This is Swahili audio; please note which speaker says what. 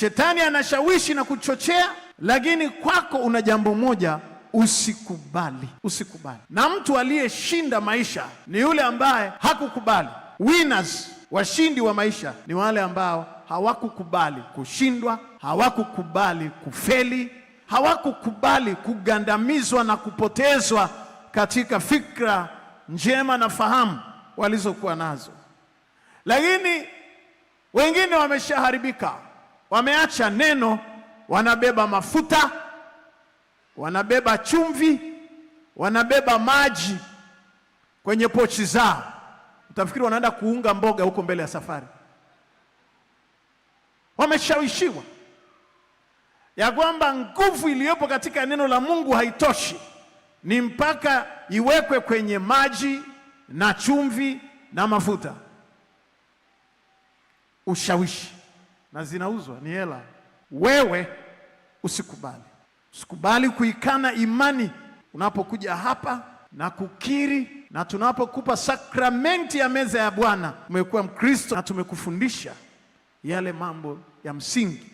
Speaker 1: Shetani anashawishi na kuchochea, lakini kwako una jambo moja Usikubali, usikubali. Na mtu aliyeshinda maisha ni yule ambaye hakukubali. Winners, washindi wa maisha ni wale ambao hawakukubali kushindwa, hawakukubali kufeli, hawakukubali kugandamizwa na kupotezwa katika fikra njema na fahamu walizokuwa nazo, lakini wengine wameshaharibika. Wameacha neno, wanabeba mafuta, wanabeba chumvi, wanabeba maji kwenye pochi zao. Utafikiri wanaenda kuunga mboga huko mbele ya safari. Wameshawishiwa ya kwamba nguvu iliyopo katika neno la Mungu haitoshi, ni mpaka iwekwe kwenye maji na chumvi na mafuta. Ushawishi na zinauzwa ni hela. Wewe usikubali, usikubali kuikana imani unapokuja hapa na kukiri, na tunapokupa sakramenti ya meza ya Bwana umekuwa Mkristo na tumekufundisha yale mambo ya msingi.